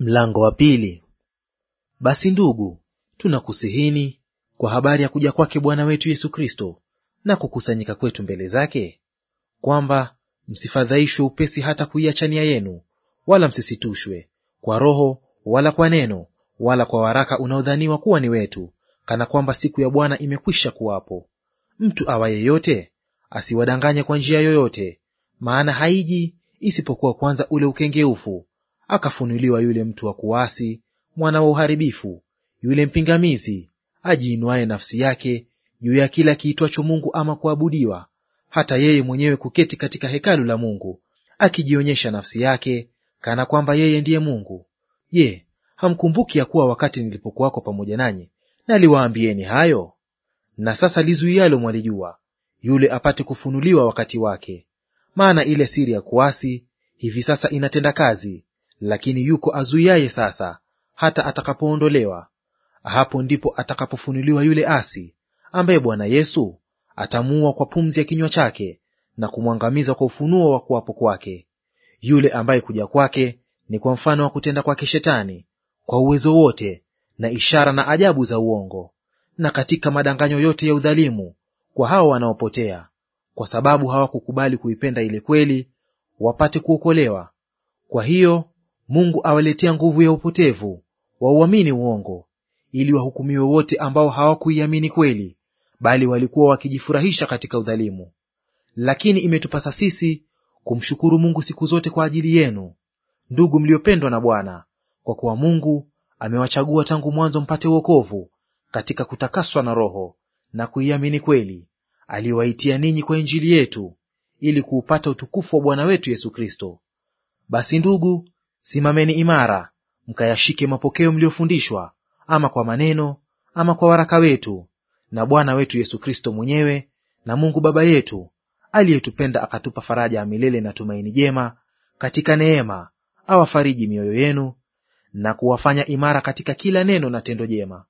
Mlango wa pili. Basi ndugu, tunakusihini kwa habari ya kuja kwake Bwana wetu Yesu Kristo na kukusanyika kwetu mbele zake, kwamba msifadhaishwe upesi hata kuiacha nia yenu, wala msisitushwe kwa roho wala kwa neno wala kwa waraka unaodhaniwa kuwa ni wetu, kana kwamba siku ya Bwana imekwisha kuwapo. Mtu awaye yote asiwadanganye kwa njia yoyote, maana haiji isipokuwa kwanza ule ukengeufu akafunuliwa yule mtu wa kuasi, mwana wa uharibifu, yule mpingamizi, ajiinuaye nafsi yake juu ya kila kiitwacho Mungu ama kuabudiwa, hata yeye mwenyewe kuketi katika hekalu la Mungu, akijionyesha nafsi yake kana kwamba yeye ndiye Mungu. Je, hamkumbuki ya kuwa wakati nilipokuwako pamoja nanyi naliwaambieni hayo? Na sasa lizuialo mwalijua, yule apate kufunuliwa wakati wake. Maana ile siri ya kuasi hivi sasa inatenda kazi, lakini yuko azuiaye sasa hata atakapoondolewa; hapo ndipo atakapofunuliwa yule asi, ambaye Bwana Yesu atamuua kwa pumzi ya kinywa chake na kumwangamiza kwa ufunuo wa kuwapo kwake; yule ambaye kuja kwake ni kwa mfano wa kutenda kwake Shetani kwa uwezo wote na ishara na ajabu za uongo, na katika madanganyo yote ya udhalimu kwa hao wanaopotea, kwa sababu hawakukubali kuipenda ile kweli wapate kuokolewa. Kwa hiyo Mungu awaletea nguvu ya upotevu wauamini uongo, ili wahukumiwe wote ambao hawakuiamini kweli, bali walikuwa wakijifurahisha katika udhalimu. Lakini imetupasa sisi kumshukuru Mungu siku zote kwa ajili yenu, ndugu mliopendwa na Bwana, kwa kuwa Mungu amewachagua tangu mwanzo mpate wokovu katika kutakaswa na Roho na kuiamini kweli, aliwaitia ninyi kwa Injili yetu, ili kuupata utukufu wa Bwana wetu Yesu Kristo. Basi ndugu, Simameni imara mkayashike mapokeo mliyofundishwa, ama kwa maneno, ama kwa waraka wetu, na Bwana wetu Yesu Kristo mwenyewe na Mungu Baba yetu aliyetupenda akatupa faraja ya milele na tumaini jema katika neema, awafariji mioyo yenu na kuwafanya imara katika kila neno na tendo jema.